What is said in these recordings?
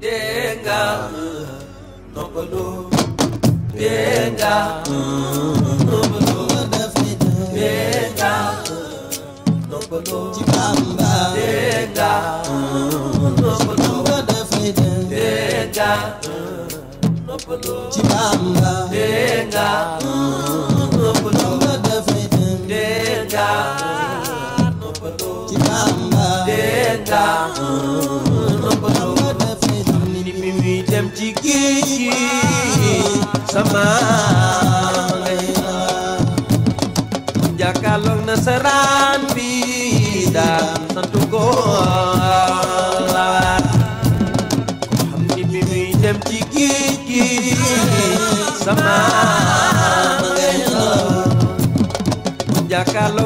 denga noppalo denga noppalo denga noppalo chibamba denga noppalo denga noppalo chibamba denga noppalo denga noppalo chibamba denga dem ci géej gi sama ngay naan jàkkaarloog nasaraan bi daan santu ko laat xam ni bi muy ci géej gi sama ngay naan jàkkaarloog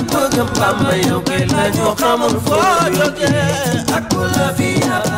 bëgg Bamba yow kenn la ñu xamul foo jógee ak ku la fi